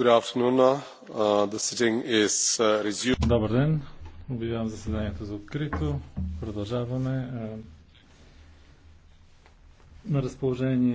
Uh, uh, uh, Добър ден. Обявявам заседанието за открито. Продължаваме. На разположение